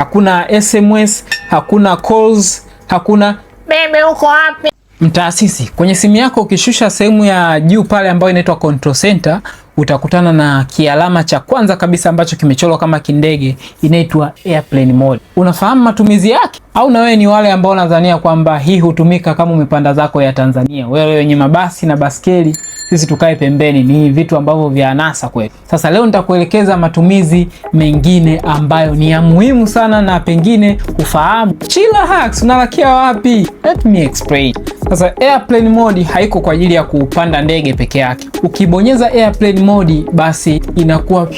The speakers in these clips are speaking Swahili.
hakuna SMS, hakuna calls, hakuna bebe uko wapi mtaasisi. Kwenye simu yako ukishusha sehemu ya juu pale ambayo inaitwa control center utakutana na kialama cha kwanza kabisa ambacho kimechorwa kama kindege, inaitwa airplane mode. Unafahamu matumizi yake? Au na wewe ni wale ambao nadhania kwamba hii hutumika kama umepanda zako ya Tanzania, wewe wenye mabasi na baskeli, sisi tukae pembeni, ni vitu ambavyo vya anasa kwetu. Sasa leo nitakuelekeza matumizi mengine ambayo ni ya muhimu sana, na pengine ufahamu hacks, unalakia wapi. Let me explain. Sasa airplane mode haiko kwa ajili ya kupanda ndege peke yake. Ukibonyeza airplane mode, basi inakuwa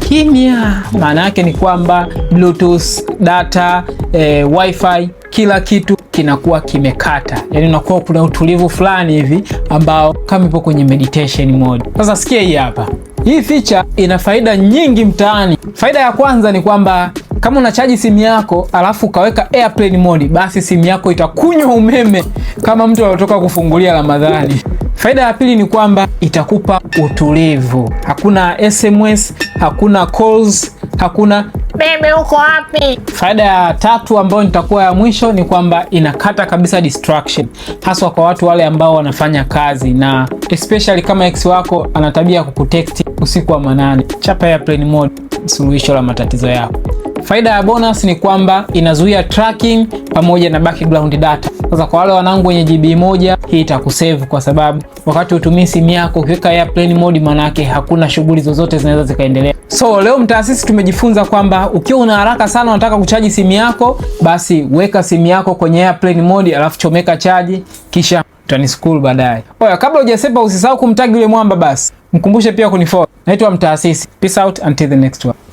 kimya. Maana yake ni kwamba bluetooth data e, wifi kila kitu kinakuwa kimekata, yani unakuwa kuna utulivu fulani hivi ambao kama ipo kwenye meditation mode. Sasa sikia hii hapa, hii feature ina faida nyingi mtaani. Faida ya kwanza ni kwamba kama unachaji simu yako alafu ukaweka airplane mode, basi simu yako itakunywa umeme kama mtu aliotoka kufungulia Ramadhani. Faida ya pili ni kwamba itakupa utulivu, hakuna SMS, hakuna calls, hakuna bebe uko wapi. Faida ya tatu ambayo nitakuwa ya mwisho ni kwamba inakata kabisa distraction, haswa kwa watu wale ambao wanafanya kazi na especially kama ex wako ana tabia kukutext usiku wa manane, chapa airplane mode, suluhisho la matatizo yako. Faida ya bonus ni kwamba inazuia tracking pamoja na background data. Sasa kwa wale wanangu wenye GB moja, hii itakusave kwa sababu wakati utumii simu yako ukiweka airplane mode, maana yake hakuna shughuli zozote zinaweza zikaendelea. So leo mtaasisi, tumejifunza kwamba ukiwa una haraka sana unataka kuchaji simu yako, basi weka simu yako kwenye airplane mode, alafu chomeka chaji, kisha utaniskuru baadaye. Oya, kabla hujasepa usisahau kumtag yule mwamba, basi mkumbushe pia kunifollow. Naitwa Mtaasisi. Peace out until the next one.